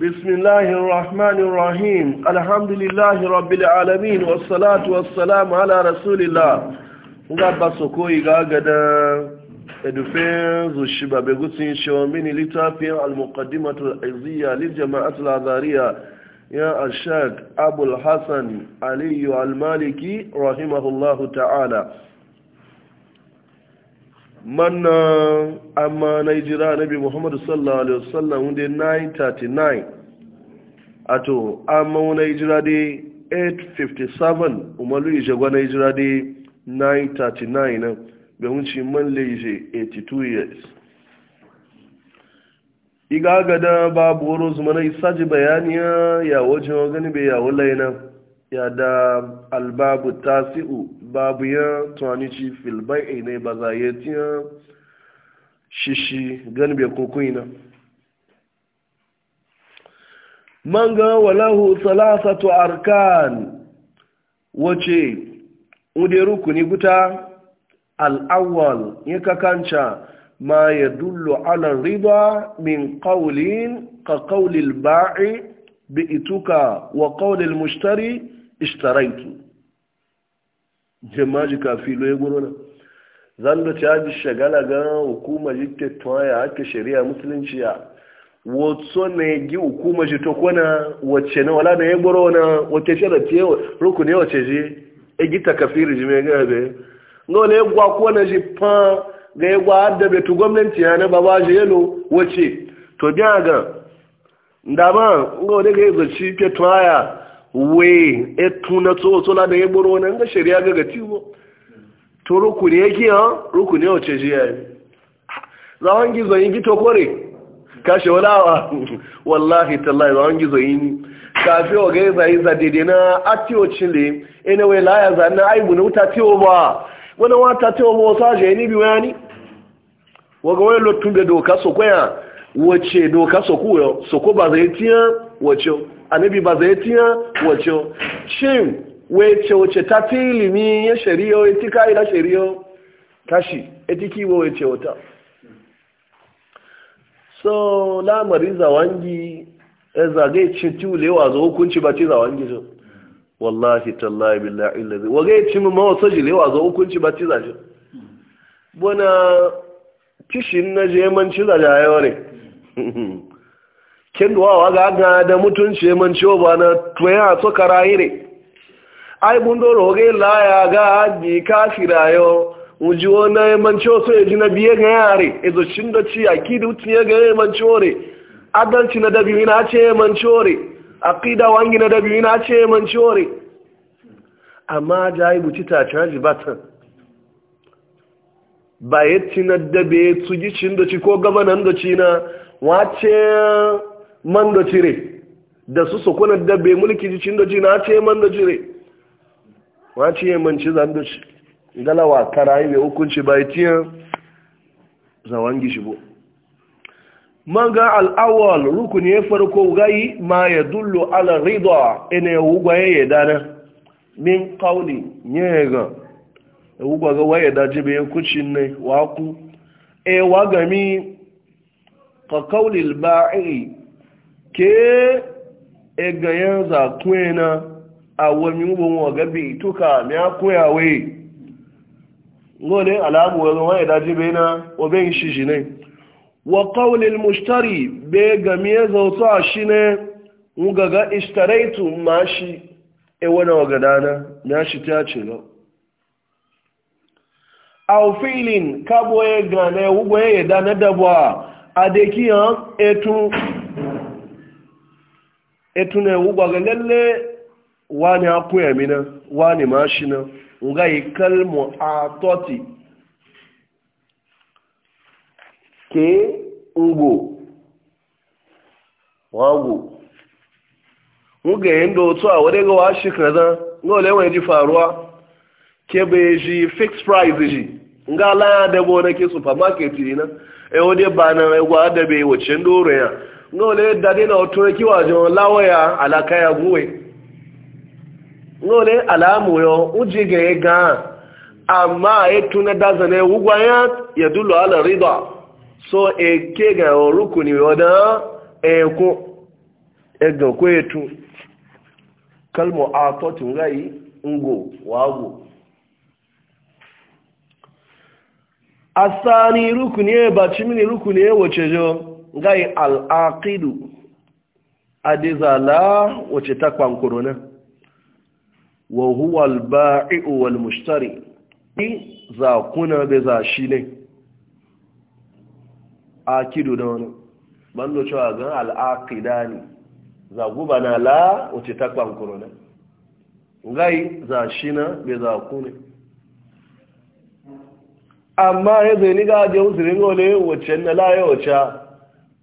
بسم الله الرحمن الرحيم الحمد لله رب العالمين والصلاة والسلام على رسول الله ngaba sokoyi gagada edufin zushiba begutin shawamini littafin al-muqaddimatu al-izziya liljama'at al ya ashaq abul hasan aliyu al rahimahullahu ta'ala Mannan, amma na yi jira nabi muhammadu sallallahu alaihi wasallam wunde 939 ato amma na jira dai 857 umaru ije gwa na jira dai 939 na ga wunci man leije 82 years iga gada babu wuro zuma na isaji bayaniya ya wajen gani bai yawon lainan ya da albabu tasi'u babu ya tuwani ci filbai ne ba za ya tiya shishi ganbe na manga walahu salasatu arkan wace wude rukuni guta al'awwal ya kakanca ma ya dullo ala riba min qawlin ka qawlil ba'i bi ituka wa kaulil mushtari ishtaraitu jamaji kafilo ya gurona zan da caji shagala ga hukuma jitte tuwaya ake shari'a musulunci ya wato ne gi hukuma ji to kona wacce na wala na ya gurona wace shara ce rukuni wace ji e gita kafiri ji mai gabe no ne gwa kona ji fa ga ya gwa adda betu gwamnati ya na baba ji yelo wace to ga ga ndama ngo ne ga yi zaci ke tuwaya we etu na tso tso da yeboro wannan ga shari'a ga gati mo to ruku ne yake ha ruku ne wace shi yayi zawan gizo yin gito kore kashe wadawa wallahi tallahi zawan gizo yin kafi wa ga zai za dede na atiyo chile ene we la ya zanna aibu ne uta tiyo ba wannan wata tiyo ba sa je ni bi wani ga wani lotun da doka so kwaya wace doka sokuyo? soko ba zai tiya wace anabi ba zai tiya wace shin wace wace ta fi ilimi ya shari'o ya ti ka'ida shari'o kashi eti kiwo wace wata so lamarin zawangi ya zagaye cin tulewa zo hukunci ba ce zawangi zo wallahi tallahi billahi illazi ci cin mawasa jilewa zo hukunci ba ci zaje bona kishin na je ci zaje ayo ne kin wa ga ga da mutunci man ciwo ba na tuwaya so karayire ai bun roge la ya ga ka kafira yo uji wona man ciwo so yaji na biye ga yare ezo shin da ci akidu utiye ga man ciwo re adalci na dabi na ce man ciwo re aqida wangi na dabi na ce man ciwo re amma jai buci ta charge button ba yatti na dabe su gicin da ci ko gabanan da ci na wace man da cire da su su kuna dabbe mulki jicin da na ce man da cire wace ya manci zan da shi galawa karayi mai hukunci bai tiyan zawon bu manga al'awar rukun ya farko gai ma ya dullo ala ridwa ina ya hugwa ya dana min kauli ya ga ya hugwa ga waye da ya kucin ne waku e gami faƙaunin ba'iri ke egayen zakwena a wani ubin wagabi tuka ya koyawe gole alamu wani wani daji bai na obin shi ne wa ƙaunin mushtari bai game zauta shi ne ngaga ishtaraitu ma shi e wani wagadana ya shi ta ce lau a ofilin kabo ya gane ugbo ya dana dabuwa adekiyan etun etun ewu gbaga lalle wani akun yami na wani mashi na nga yi kalmu a toti ke ngbo wago nga yi ndo otu a wadda ga wa shi kaza nga ji faruwa ke bai fixed price ji nga la da bo na ke supermarket ni na e o de ba na e gwa da be ya no le da na otu ki wa jo lawo ya ala ka ya guwe no le ala mu yo uje ge e ga amma e tuna da zane ugwa ya ya dulu ala rida so e ke ga rukuni yo da e ko e ga ko etu kalmo a to yi ngo wago asani rukuni e, ba mini rukuni wace jo gai al'aqidu adizala wace ta kwankuro na Wahuwal huwa al-ba'i'u wal mushtari za kuna be za shi ne akidu da wani bando cewa gan al'aqidani za guba na la wace ta kwankuro na gai za shi na be za kuna amma ya zai ni ga je usirin gole wacce na laye wacce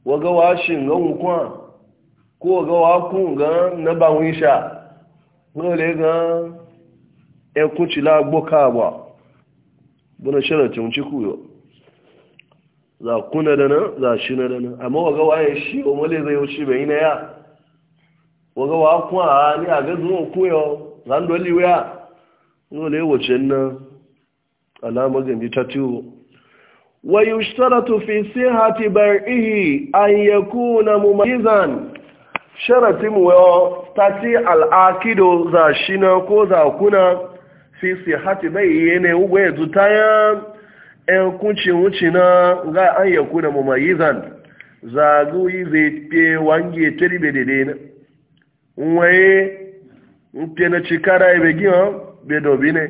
waga washin ga hukun ko ga wakun ga na bawun sha gole ga ya e kuci lagboka ba buna sharatin ciku yau za kuna da nan za shi na da nan amma waga waye shi o mole zai wuce bai na ya waga wakun a ni a ga zuwa kuyo zan dole wuya gole wacce nan alama gambi ta tiwo wa yushtaratu fi sihhati bai'ihi an yakuna mumayyizan sharati wa tati al'akido za shina ko za kuna fi sihhati bai'ihi ne ugwe zutaya en kunci wucina ga an yakuna mumayyizan zaguyi ze pe wange teribe dedena nwaye mpena chikara ibegina bedobine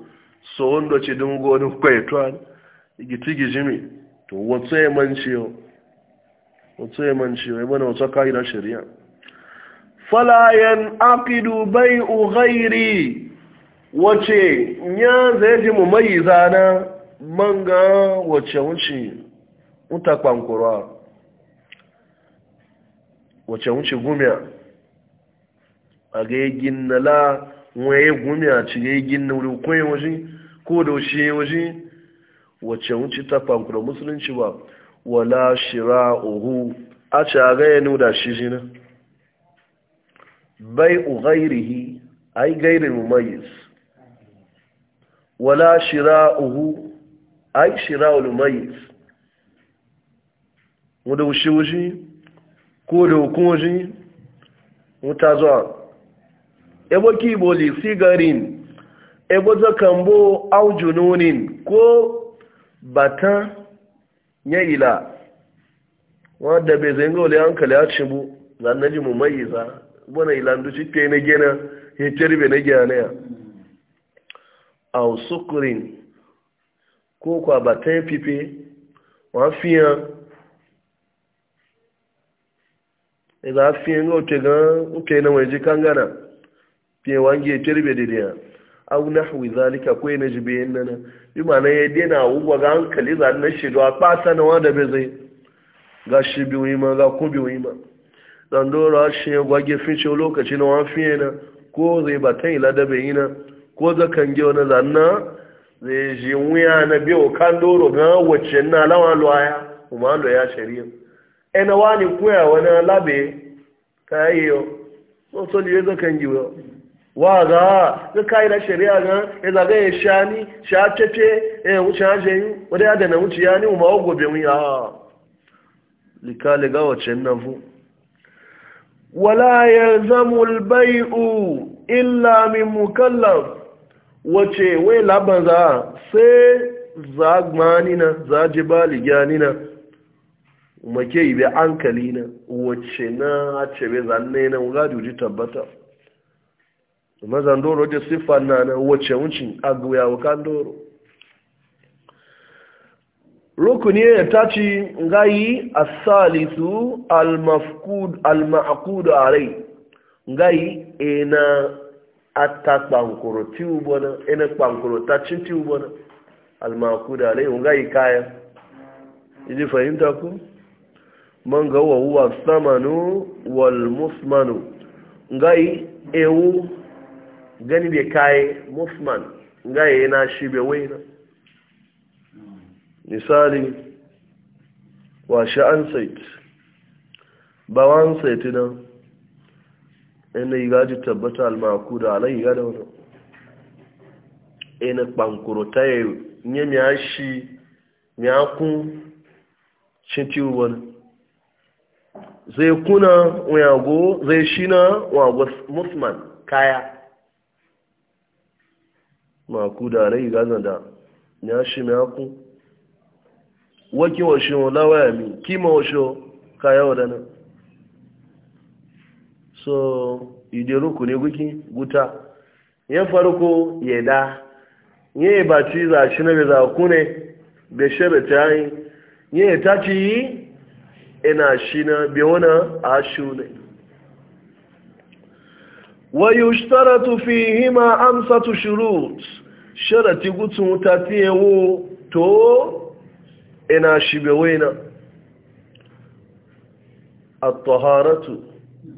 so wanda ce dun tuwan kwaitwan giti gijimi to wato ya manci yau wato ya manci yau ibana wato ka'idar shari'a fala yan aqidu bai'u ghairi wace nya zai ji mu mai zana manga wace wuce uta kwankura wace wuce gumiya a ga yi ginnala waye gumi a cikin gin na wuri kwaye waje ko da wace waje wacce wuce ta fankura musulunci ba wala shira uhu a gaya ya nuda shi na bai u gairihi yi gairin mumayis wala shira uhu A yi shira ulumayis wadda wuce waje ko da hukun waje zuwa. ebo kiboli sigarin ebo zakambo au jununin ko batan ya ila wadda bai zai ngole hankali a cibu zan na ji mu mai za wani ilandu ci ke na gena ya kirbe na gena ya au sukurin ko kwa batan fife wa fiya ìgbà fiyan ó tẹ̀ gan ó tẹ̀ ji wọ̀nyí kangana fiye wange tirbe da daya au nahwi zalika ko na jibe yana na bi ma na ya dena wuwa ga hankali za na shi ga kwasa na wanda bai zai ga shi bi wima ga ku bi wima dan dora shi ya gwage fice lokaci na wani fiye na ko zai ba ta ila da bai na ko za kan ge wani zanna zai ji wuya na biyo kan doro ga wacce na lawa loya kuma loya shari'a ena wani kuya wani labe ka yi yau. so so liye za kan ji waga ga ka'idar shari'a ga ya zaga ya sha ni sha cece ya eh, wuce haje yi wadda ya dana wuce ya ni ma wa gobe mu ya ah. lika liga wace nan fu wala ya zamu albai'u illa min mukallaf wace wai laban za sai zagmani na zaji baligani na ke yi bi ankali na wace na ce bai zanne na wuga juji tabbata mazan doro da siffan na na wacce wucin aguya wakan doro rukuni ya taci ngayi asalisu almafkud almaqud alai ngayi ena atakpankoro ti ubona ena kpankoro tacin ti ubona almaqud alai ngayi kaya Iji fahimta ku man ga wa huwa samanu wal musmanu ngayi ewu gani bai kayi musman ga yi na shi bai waina misali wa Ba wa an sait na ina yi gaji tabbata almaku da alayi gada wani ina kpankuro ta yi nye miya shi miya kun cinti wani zai kuna wago zai shi na wago musman kaya ma ku da rai gazan da ya shi mai haku wakin washe lawaya mi kima washe kaya wadana so ide ruku ne guki guta yin farko ya da nye yi ba ci za shi na za ku ne bai shara ta yi ya yi ta ci yi ina shi na bai wani a shi ne ويشترط فيهما أمسة شروط شرط قلت متاتيه تو إنا شبوينا الطهارة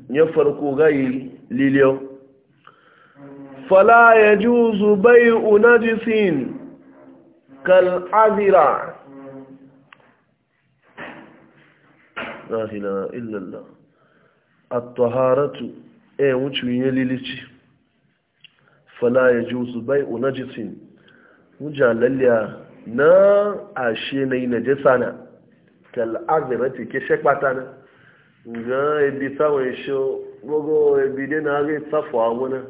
يفرق غير لليوم فلا يجوز بيء نجس كالعذرة لا إله إلا الله الطهارة e wuce yin lilici fala ya ji wasu bai unajisin wujan lalya na ashe na yi na najasa na kal'azirati ke shekpata na ga ebi tsawon shi gbogbo ebi dai na rai tsafo amuna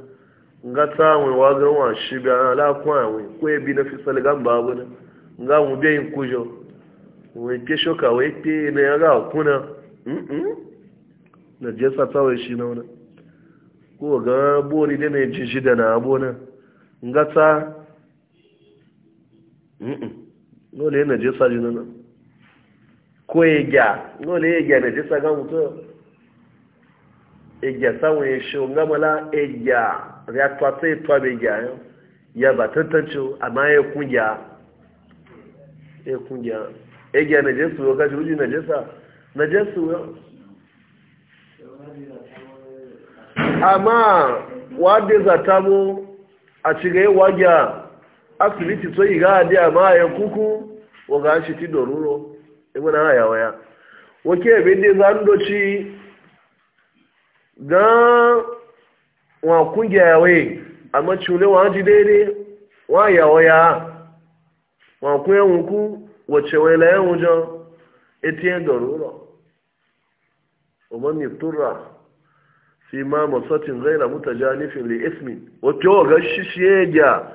ga tsawon wagon washi biya alakun awon ko ebi na fi salgan ba abuna ga mu biyan kujo wai ke shoka wai ke na yara kuna na jesa tsawon shi na wani ko ga bori da mai jinshi da na abona ngata mm dole yana je sa jinana ko ya gya dole ya gya na je ga mutu ya gya sawon ya shi ngamala ya gya ya twata ya twabe gya ya ba tantance amma ya kungiya ya kungiya ya gya na je ga lokaci na je na je amma wadda zata mu a cigaye a asibiti to yi dị a mayan kuku wa ga shi ti doruro ibina e haya waya wake ebe da za ga wa kungiya yawe amma cule wa ji daidai wa yawaya wa kuyan wuku wace wai layan wujan etiyen doruro umar mifturra fi ma masatin ghaira mutajanifin li ismin wato ga shishiye ga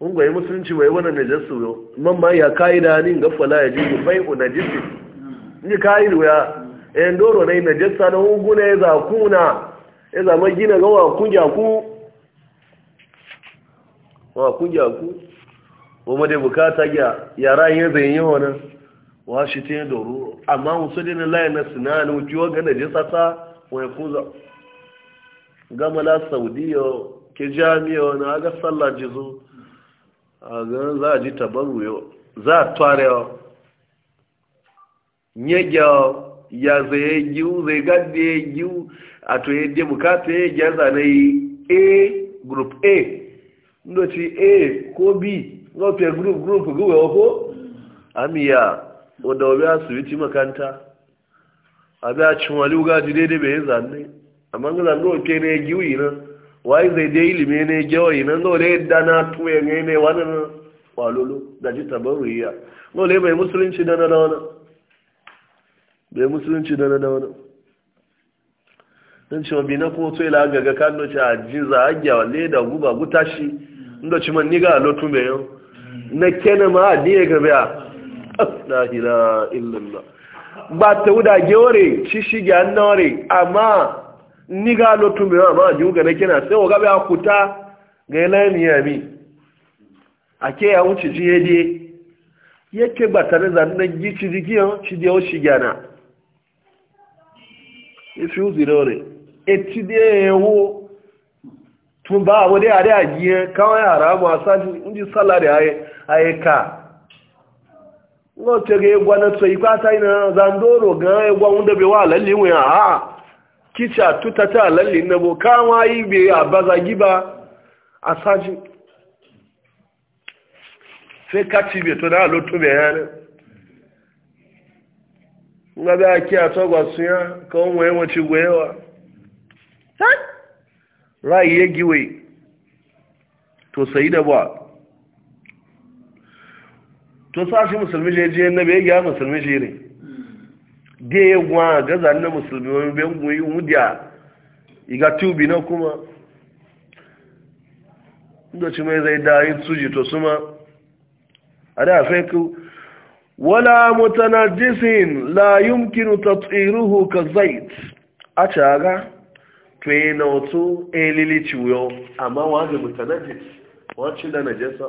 ungo yi musulunci bai wannan najasu yo man ma ya kaida ni ga fala ya ji bai ku najisi ni kaidu ya en doro nai najasa na ungo ya za kuna ya zama gina ga wa kunja ku wa kunja ku wa ma dai bukata gya yara yin zai yi wannan wa shi tin doro amma musulunci la ya nasina ne ujo ga najasa ta wa za gamala saudiya ke jami'a na aga sallah jizo a ganin za a ji taban wuyo za a tware nyegya ya zai giwu zai gadda ya giwu a to ya demu kata ya zane yi a group a ndoci a ko b ngofe group group guwe oko amiya wadda wabi asibiti makanta abi a cin wali wuga ji daidai bai yi zane amma ga zango ke ne giwi na wai zai dai ilimi ne gawai na le da dana tuwe ne ne wani na walulu, da ji tabaruriya ga le bai musulunci na da wani bai musulunci na da wani don cewa bi na kuma tsoye la gaga kan noci a za a gyawa le da guba guta shi inda ci man niga a lotu mai yau na kene ma a diya gabe a la ilaha illallah ba ta wuda geware shi shi gyan nore amma ni ga lotun be ma ju ga na kina sai o ga ba kuta ga yana ni yami ake ya wuce ji yede yake ba tare da nan gi ci ji yo ci de o shigana ifi u zirore eti de ewo tun ba wo de are ajiye kawai haramu asaju inji salari aye aye ka ngo tege gwana so ikwata ina zandoro ga gwa unda be wa lalle wi a kicha tutata lalle na bo kama yi be baza giba saji sai kaci be to da lo to be yana da be a to gwa ya ka o nwere mwe gwewa rai ye giwe to sai da ba to sashi musulmi je je na be ya musulmi je ne de a ga zanna musulmi wani ben goyi wudiya iga tubi na kuma da ci mai zai dayin suji to suma a da feku wala mutanajisin la yumkinu tatsiruhu ka zait a caga to yi na wato elili ciwo amma wani mutanajis wacin da najesa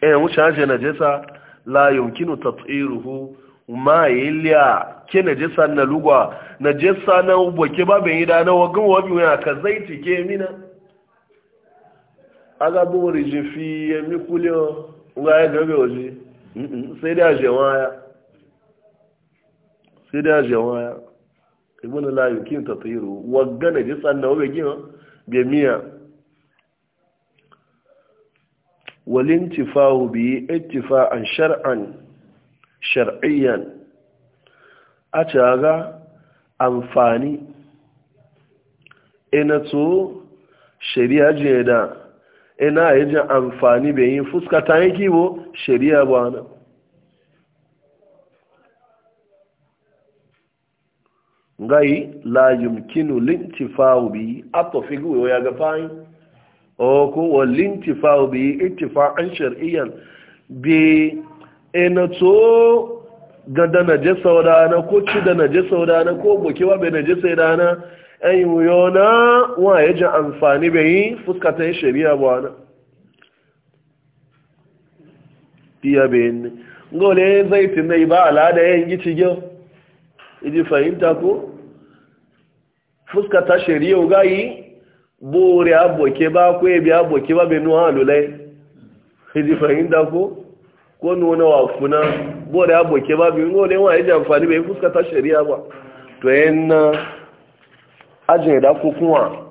e wuce haje najesa la yumkinu tatsiruhu ma ilia ke najisa na lugwa najisa na ba babin ida na wagan wabi wani ka zai tike mina aga buwar jifi ya mi kule ga ya gabe waje sai da jewaya sai da na ibn la yukin tatiru wagan najisa na wabe gina be miya walintifahu bi ittifa'an shar'an shar'iyyan a caga amfani ina to shari'a je da ina yi jin amfani bai yi fuska ta yi kibo shari'a ba na gai la linti fawo bi fi guwe ya ga fayi o ko wa lintifa'u bi an shar'iyyan bi ina to gada na je saudana ko ci da na je ko bokewa bai na je saudana yan yiwuyo na wa ya ji amfani bai yi fuskatan shari'a ba na iya bayan ne gole zai tunai ba al'ada yan gici gyau iji fahimta ko fuskata shari'a ga yi bore aboke ba ko ebi aboke ba bai nuwa alulai iji fahimta ko ko nuna wa funa bore ya boke ba biyu ngole wa yaji amfani bai fuska shari'a ba to na ajin da ko kuma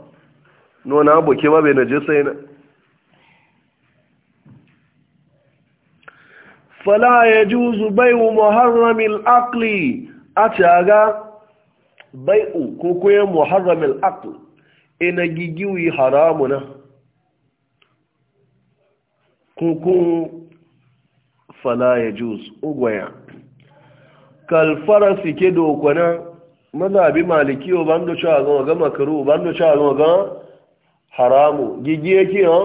nuna boke ba bai naje sai na fala yajuzu bai'u muharramil akli a taga bai'u ko kuma muharramil akli ina gigiwi haramuna kun fala ya juz ugwaya kalfara ke dokwana bi maliki o bando cewa ga ga makaru bando cewa ga haramu gigi yake ha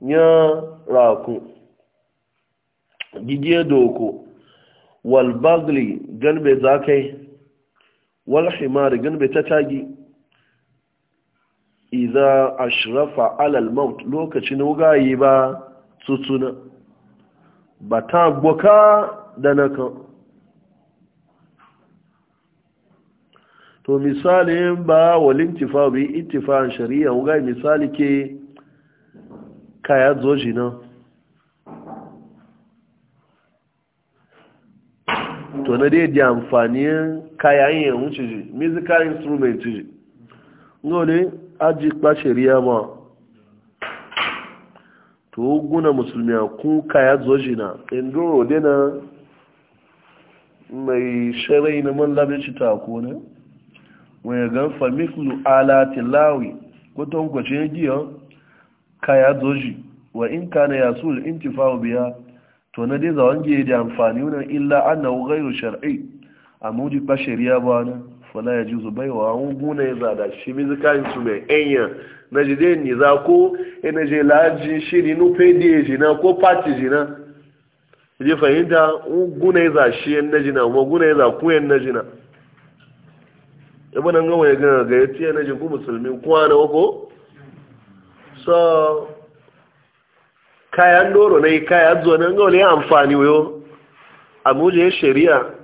ya raku gigi doko wal bagli ganbe zakai wal himar ganbe tagi. Iza ashrafa ala al maut lokacin yi ba tutuna ba ta boka da na kan to misali ba walin tifa bi ittifan shari'a ga misali ke kaya zoji nan to na dai di amfani kaya yin wuce ji musical instrument ji ngole aji pa shari'a ma to guna musulmi a kuka ya zo jina indoro dina mai sharai na man shi ta kone wani ganfa miklu ala tilawi kwaton kwace giya ka ya zo ji wa in ka na ya sul intifawa biya to na dai zawon giya da amfani wunan illa an na wugairu shar'i a muji ba shari'a ba na fala ya ji zubai wa an guna ya zada shi mizikayin su mai enya na jide niza ko ina e je laji shiri nu pede jina ko pati jina je fahimta guna za shi yan na jina kuma guna za ku na jina ibanan e gawa ya gana ga yati yan na jin ku musulmi kuwa na wako kayan doro na yi kaya zuwa amfani wayo shari'a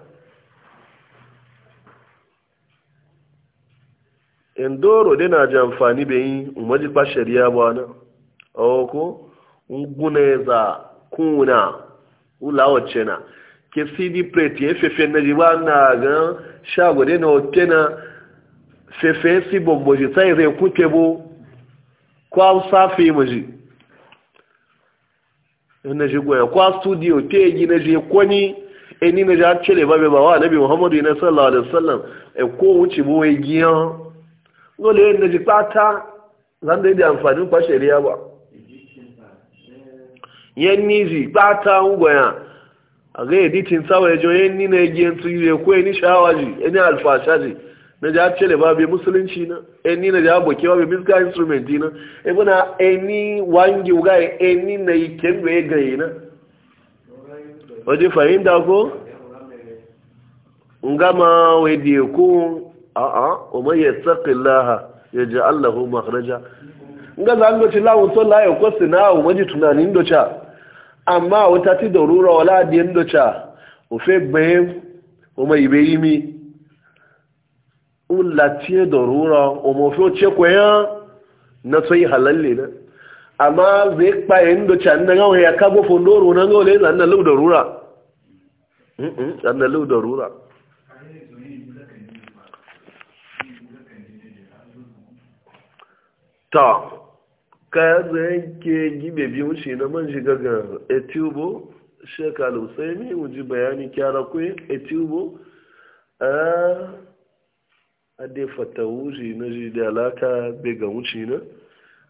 indoro dai na ji amfani bai yi umarji kwa shari'a ba na ko ngune za kuna ula wacce na ke cd plate ya fefe na jiba na ga shago dai na wacce na fefe si bomboji sai zai kuke bo kwa safi maji na ji goya kwa studio te yi na je kwani eni na ja cele babe ba nabi muhammadu na sallallahu alaihi wasallam e ko wuce bo giyan dole yin e da jifata zan da amfani kwa shari'a ba yan nizi ikpata ngwaya ya ga editin sawa ya jo yan ni na yi yanzu yi ko yan ni sha'awa ji yan ni alfasha ji na ja cele ba bai chi na eni na ja boke ba bai musical instrument na ebe na eni wangi wuga e na yi kemgbe ya e gaye na wajen fahimta ko ngama wadi ko a'a wa man yattaqillaha yaj'al lahu makhraja nga za ngo ci lawo to la yau kosi na wa maji tunanin doca. amma wata ti da rura wala di doca. o fe gbe o ma ibe mi. o la ti da rura o mo fe o che ko ya na sai yi halalle na amma zai kpa yin docha nan ga ya kabo fondoro nan ga le zan na lu da rura mm mm da rura ta ka zanke gibe biyu shi na man shiga ga etubo shekaru sai ne wuji bayani kyara kwe etubo a ade fata wuji na ji da alaka bai ga wuci na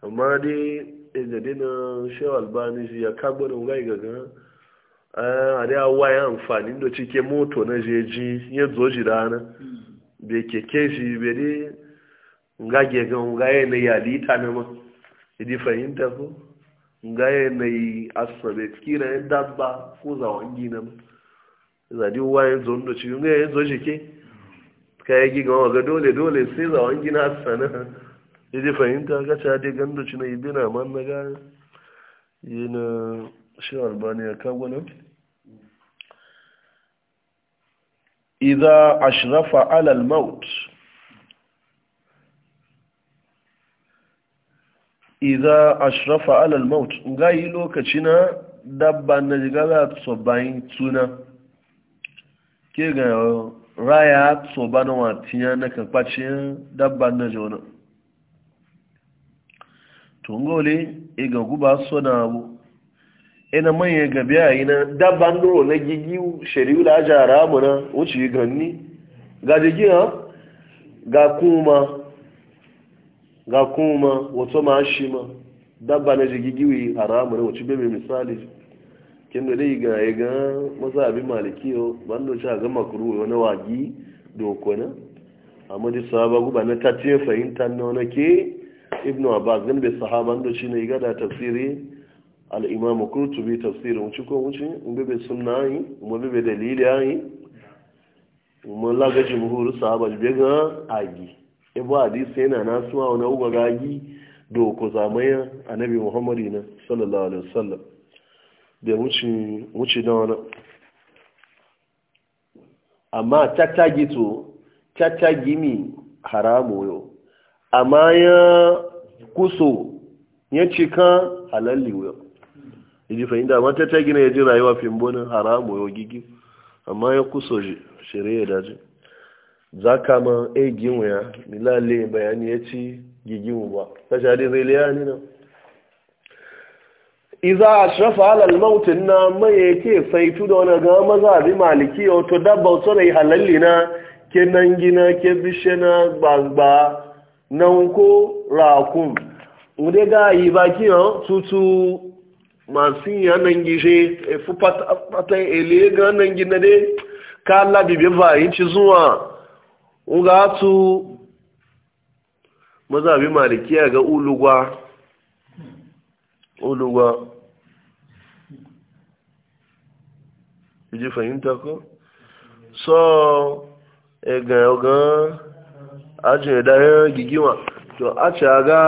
amma dai na shewa albani shi ya kagbo na a dai awa ya amfani da cike moto na jeji eji nye ji rana bai keke shi bai nga gegan nga ya na yalita na ma idi fahimta ko nga ya na yi asabe kira ya dabba ko zawon gina ma zadi uwa ya zo da ci nga ya zo jike ka ya gigan ga dole dole sai zawon gina sana idi fahimta ga ta de gando ci na ibina man na ga yana shi albaniya ka gwanin idza a ala al-maut iza ashrafa alal maut ga yi lokaci na dabba na jigala tsobayin tuna ke ga raya tsoba na watiya na kakpacin dabba na jona tungole iga guba so na abu ina manya gabi a yi na dabba ndoro na gigi shari'u da ajiyar ramu na wuce ganni ga jigi ga kuma ga kuma wato ma shi ma dabba na jigigiwi a haramu ne wacce bebe misali kin da dai ga ya ga maliki yo ban da ta ga makru wani wagi doko na amma dai sahaba guba na ta ce fahimta na wani ke ibnu abbas gan bai sahaba da shi ne ga da tafsiri al-imam qurtubi tafsiri wuce ko wuce in bebe sunna yi mu dalili yi mu laga jumhur sahaba ga agi ibu hadisi yana nasuwa wani uwa ragi da ku a nabi muhammadu na sallallahu alaihi wasallam da ya wuce da wani amma tattagi to tattagi mi haramu yau amma ya kuso ya cika halalli yau iji fahimta amma tattagi na ya ji rayuwa fimbonin haramu yau gigi amma ya kuso shirya daji za ka ma e ginwa ya milale bayani ya ci giginwa ba ta shaɗi zai liya ni nan iza a shafa alal mautin na mai yake saitu da wani ga maza bi maliki wato dabba wato yi halalli na ke nan gina ke bishe na gbagba nan ko rakun wude ga yi baki ya tutu masu yanan gishe e fata ele ga nan gina dai ka labi bai bayanci zuwa ngatu mazhabi malikiya ga ulugwa ulugwa iji fahimta ko so ega ogan ajin dayan gigiwa to a ci aga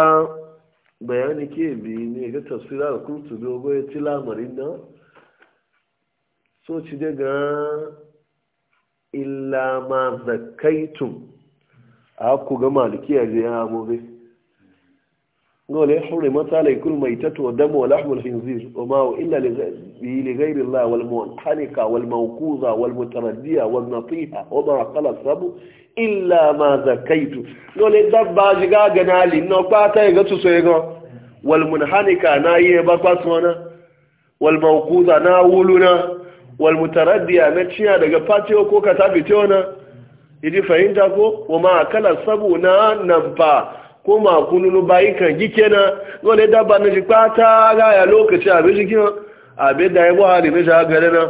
bayani ke bi ne ga tafsira da kurtu dogo ya ci lamarin nan so ci daga illa ma zakaitum a ku ga malikiya je ya amobe Dole hurri matala ikul mai tatuwa dama wal ahmul hinzir wa ma illa li ghairi Allah wal muhalika wal mawquza wal mutaraddiya wal natiha wa ma qala sabu illa ma zakaitu gole dabba jiga ganali no pata ga tu so ga wal munhanika na yi ba kwasona wal mawquza na wuluna wal mutaraddiya na ciya daga fatiyo ko ka ta tiyona idi fahimta ko wa ma kala sabu na nan fa ko ma kununu bayi kan gi kenan wani daba na ji kwata ga ya lokaci abin ji kin abin da ya bo hali na ja gare na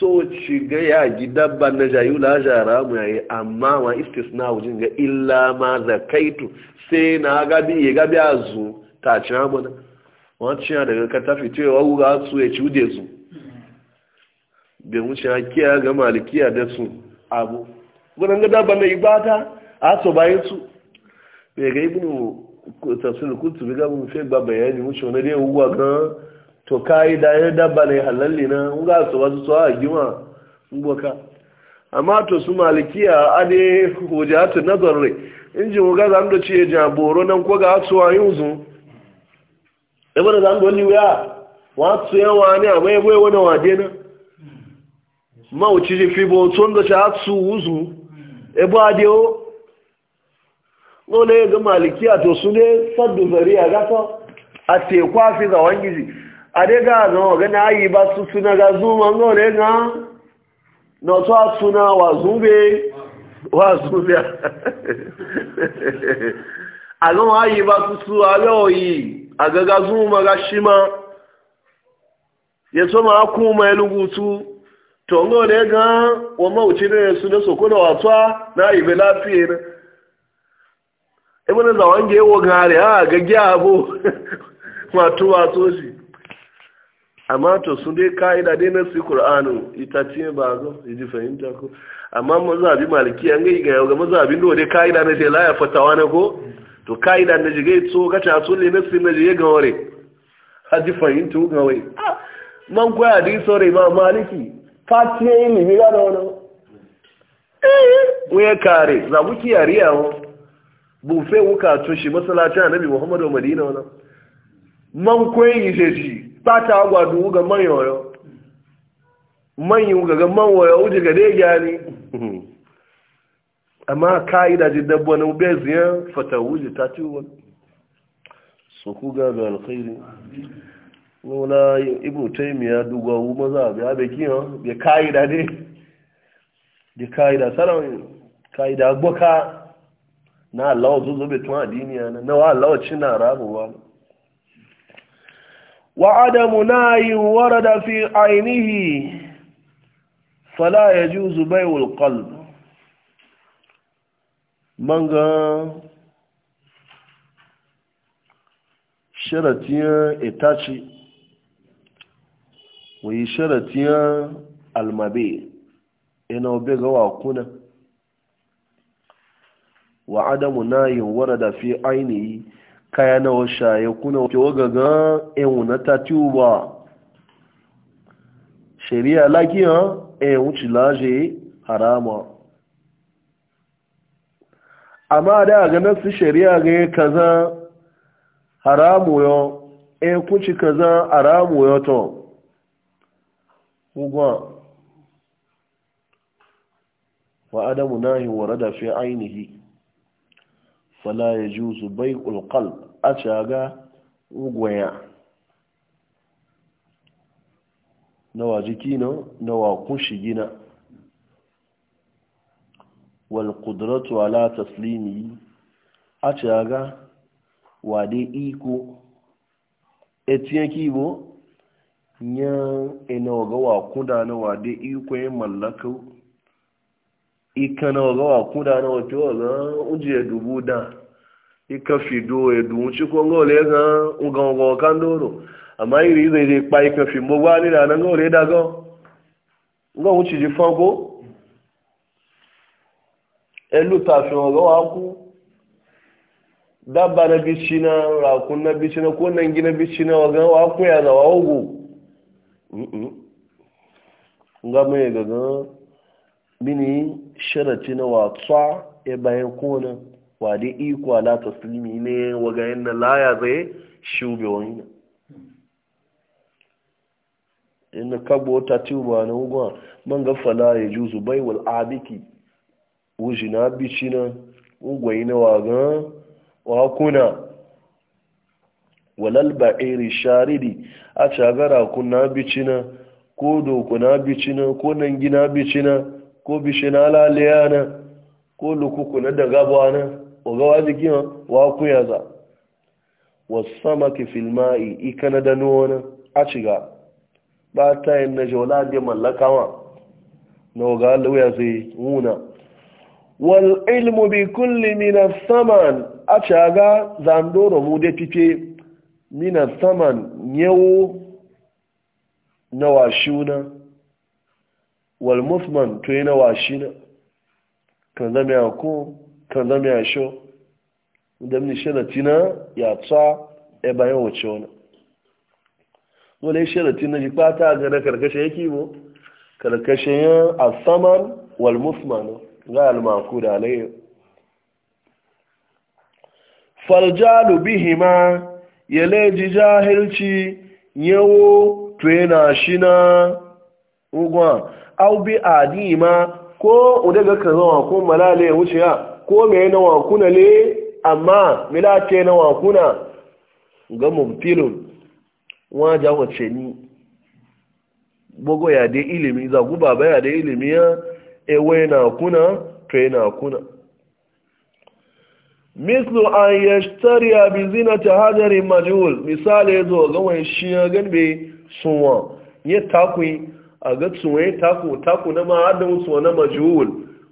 so ci ga ya gi daba na jayu la jara mu yayi amma wa istisna wujin ga illa ma zakaitu sai na gabi ya gabi azu ta ci amana wa ciya daga ka tafi yi wa wuga su ya ci ude zu bai wuce ga malikiya da su abu gudun gada ba mai bata a so bayan su mai ga ibinu tafsir kuntu bi gabu fe gba bayani wuce wani dai ga to kai da ya dabba ne halalli na in ga su wasu so a gima amma to su malikiya ade hujjatu nazar re in ji mu ga zan ce jaboro nan ko ga su a yuzu da zan wa su yawa ne wani na ma uchi fi bo tsondo cha su uzu e ba de o no le ga malikiya to su ne faddu zariya ga fa a te kwa fi ga wangiji a de ga no ga na yi ba su ga zuma no le ga no to a suna wa zube wa zube a ma yi ba su su a ga yi a ga ga zuma ga shima ya so ma kuma ya lugutu to ngo ne ga wa mauci ne su da su kuna watsa na ibe lafiye na e bana za wange wo gare a ga gyabo wato wato shi amma to su dai ka'ida dai na su qur'anu ita ce ba zo ji fahimta ko amma mazhabi maliki an ga ga mazhabi do dai ka'ida na sai la ya fatawa na ko to ka'ida na jige so ga ta so le na su na jige ga wore haji fahimta ga wai man kwa hadisi sore ma maliki ka tiye ilimi ga da wani eh kare za ku kiyari yawo bufe wuka to shi masallacin annabi muhammadu madina wani man koyi ise shi ta ta gwadu ga man yoyo man yi ga man wayo wuce ga dai gani amma ka yi ji dabba na bai ziyan eh, fata wuce ta ci wani su ku ga da alkhairi nuna ibu taimiya duba wu maza bi bai kiyan bi kaida ne bi kaida salam kaida gboka na allawa zuzo bi tun adiniya na nawa allawa cina rabuwa wa adamu wara da fi ainihi fala ya ji bai'ul wulkal manga sharatiyar itaci wai sharatiyar almabe ina obe ga wakuna wa adamu na yin warada fi ainihi kaya na washa ya kuna wake wagaga ewu na tatiyu ba shari'a lakiya enwu cilaje harama amma da ganar su shari'a ga kaza haramu yau kunci kaza haramu yau to ugon wa adamu nahi rada fi ainihi fala ya ji su bai ƙulƙal a caga ugoya nawa jiki na nawa kushi gina wal ala taslimi a caga dai iko etiyan kibo yan ina waga wa kuda na wa dai mallaka ika na waga wa kuda na wata waga uji ya dubu da ika fido ya dubu ci ko ngole ga uga uga kan doro amma iri zai zai pa ika fi mo ni da na ngole da go ngo uchi ji fango elu ta fi waga wa ku dabba na bici na rakun na bici na ko nan gina bici na waga wa ku ya zawa ogo nga mai gaga mini sharati na watsa e bayan kona wa dai iko ala taslimi ne waga yanda laya zai shube wani ina kabo ta tuba na ugwa man ga fala ya juzu bai wal abiki wujina bicina ugwai na waga wakuna walal ba'iri sharidi a shagara na bicina ko na bicina ko nangina bicina ko bishina na, ko lukukuna da gabawana oga wajikin wa kuya za wasamaki filma'i ikana da nuwana a ciga ba ta yin na jola da mallakawa na oga lauya sai wuna wal ilmu bi kulli min as-saman a shaga zandoro mu da fice mina saman yawo na washuna wal musman to yi na washina kan zama ya ko kan zama ya sho da mini sharati na ya tsa e bayan wace wani wale sharati na jikpa ta a na karkashin yake bo karkashin ya asaman wal musman ga almaku da alayya farjalu bihima yele ji jahilci yawo tuena shi na ugwa aubi ma ko udaga kazawa ko malale ha ko mai na wakuna le amma milake na wakuna ga mubtilun waja wace ni gbogbo ya dai ilimi zaguba baba ya ilimi ya ewe na kuna tuena kuna mislu an a bizina ta hajarin majul misali ya zo ga wani shi ya ganbe sunwa ya taku a ga sunwa ya taku taku na ma'adin sunwa na majul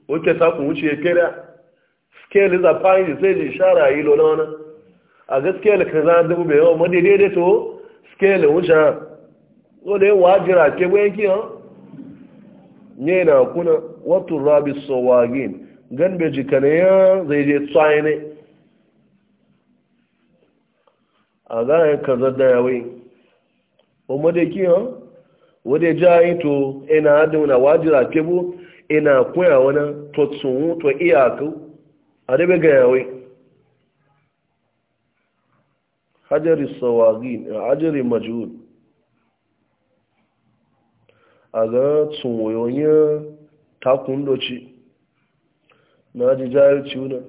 wata taku wuce ya kira scale za fa yi sai ji shara yi lona wana a ga scale kan za dubu bai yawa madi daidai to scale wuce ko da yawa jira ke gwayen kiyan yana kuna watu rabi sawagin gan bai jikane ya zai je tsaye ne a gane kazar da yawai umar da kiyo wadda ja yi to ina adin na wajira bu ina kuya wani to tsunwu to iyaku a dabe ga yawai hajjari sawagi hajjari majhul a ga tsunwoyoyin takun doci na ji jahilci wuna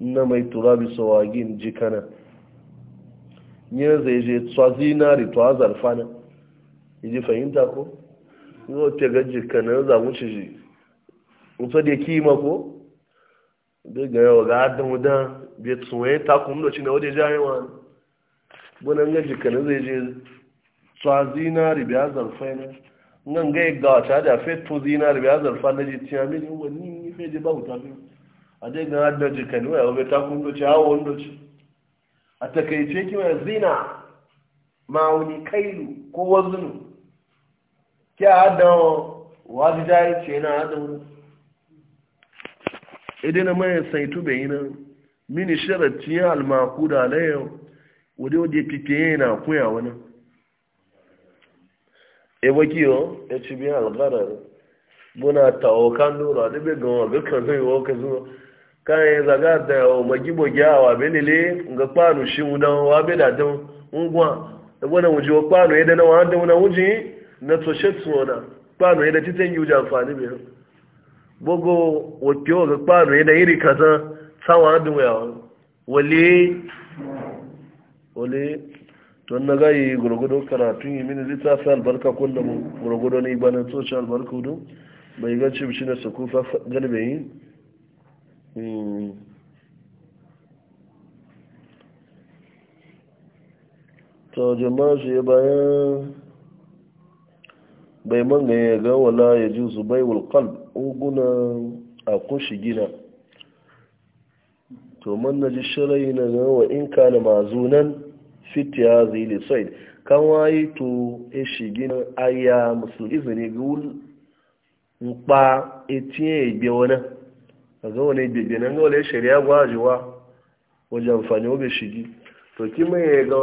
na mai turabi sawagin jikana yin zai je tsazinari tuwa zarfana iji fahimta ko yau te ga mu ci ji mutu da kima ko ga yawa ga adam wuda bai tsoye takun lokaci na waje jayewa ne bunan ga jikana zai je tsazinari biya zarfana nan e ga ga wata da fetu zinari biya zarfa na ji tiyamin wani ife ji bauta biyu a dai ga hannun da jikani waya wabe takun doci hawan doci a takaice kima zina ma'auni kailu ko wazinu Ki a dán wani jáyé tí iná á dánwó idan na mayan saitu tube yi nan mini sharatti yin almaku da alayyau wadda wadda fife yi na kuya wani ebe kiyo ya ci biyan algarar muna tawo kan dora da bai gama ga kanu yawo ka zuwa kan yi zaga da yawo magibo gyawa belele ga kwano shi wuna wa bai da don ngwa da wani wuji wa kwano yadda na wani wuna wuje na toshe tsona kwano yadda titan yi wuce amfani bai bogo wakiyo ga kwano yadda iri kaza tsawa adin yawa wale wale don na gayi gurgudu karatu yi mini littafi albarka kullum gurgudu ne banin tsoci albarka hudu bai ga cibci na sukufa galibin hmm. ta jama'a shi bayan bai manga ya ga wala ya ji su bai wulkal uguna a kushi gina to man na ji shirai na gawa in ka na mazunan ya zai lisai kan wayi to ya shi gina aya musulmi izini ga mkpa etinye igbe wani a ga wani bebe nan ga wani e shari'a gwajewa wajen amfani obe shigi to ki mai ga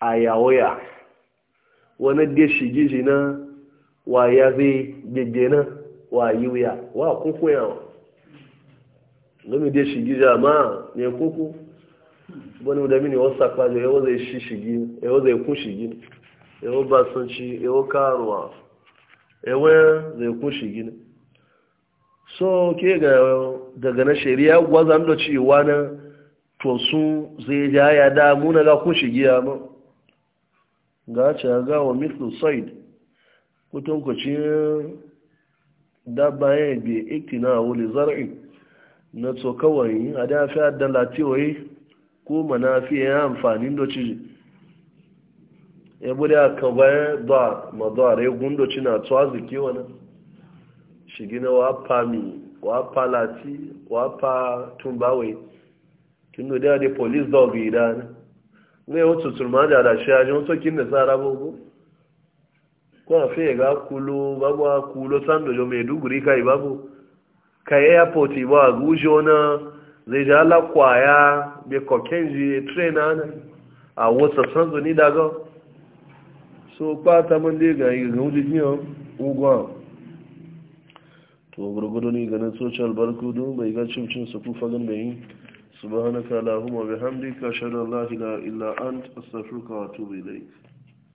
a yawoya wani de shigi ji na wa ya zai bebe na wa yi wuya wa kuku ya yawa gami de shigi ji amma ne kuku wani da mini wasu sakwa da yawo e zai shi shigi yawo e zai kun shigi yawo basanci yawo karuwa ewe zai kushi gini so ke ga daga na shari'a gwazan da cewa na to zai ja ya da muna ga kushi giya ma ga ce ga wa mithlu said kutun ku ci dabba ya bi ikina wuli zar'i na to yi a da adalatiwai ko manafi ya amfani da ciji ya bude aka bayan ba mazuwar ya gundo cina tuwa zuke wani shigi na wafa mi wafa lati wafa tumbawai tun da dai police dog ida ne ne wato turma da da shi ajin so kin da tsara bugu ko a fe ga kulo babu kulo san da jo mai duguri kai babu kai airport ba gujo na zai ja la kwaya be kokenji trainer na a wata sanzo ni daga so ta mande ga yi ga wuli biyan ugwa to gurgudu ganin social barkudu mai ga cimcin su kufa gan bai subhanaka allahumma bihamdika ashhadu an la ilaha illa ant astaghfiruka wa atubu ilayk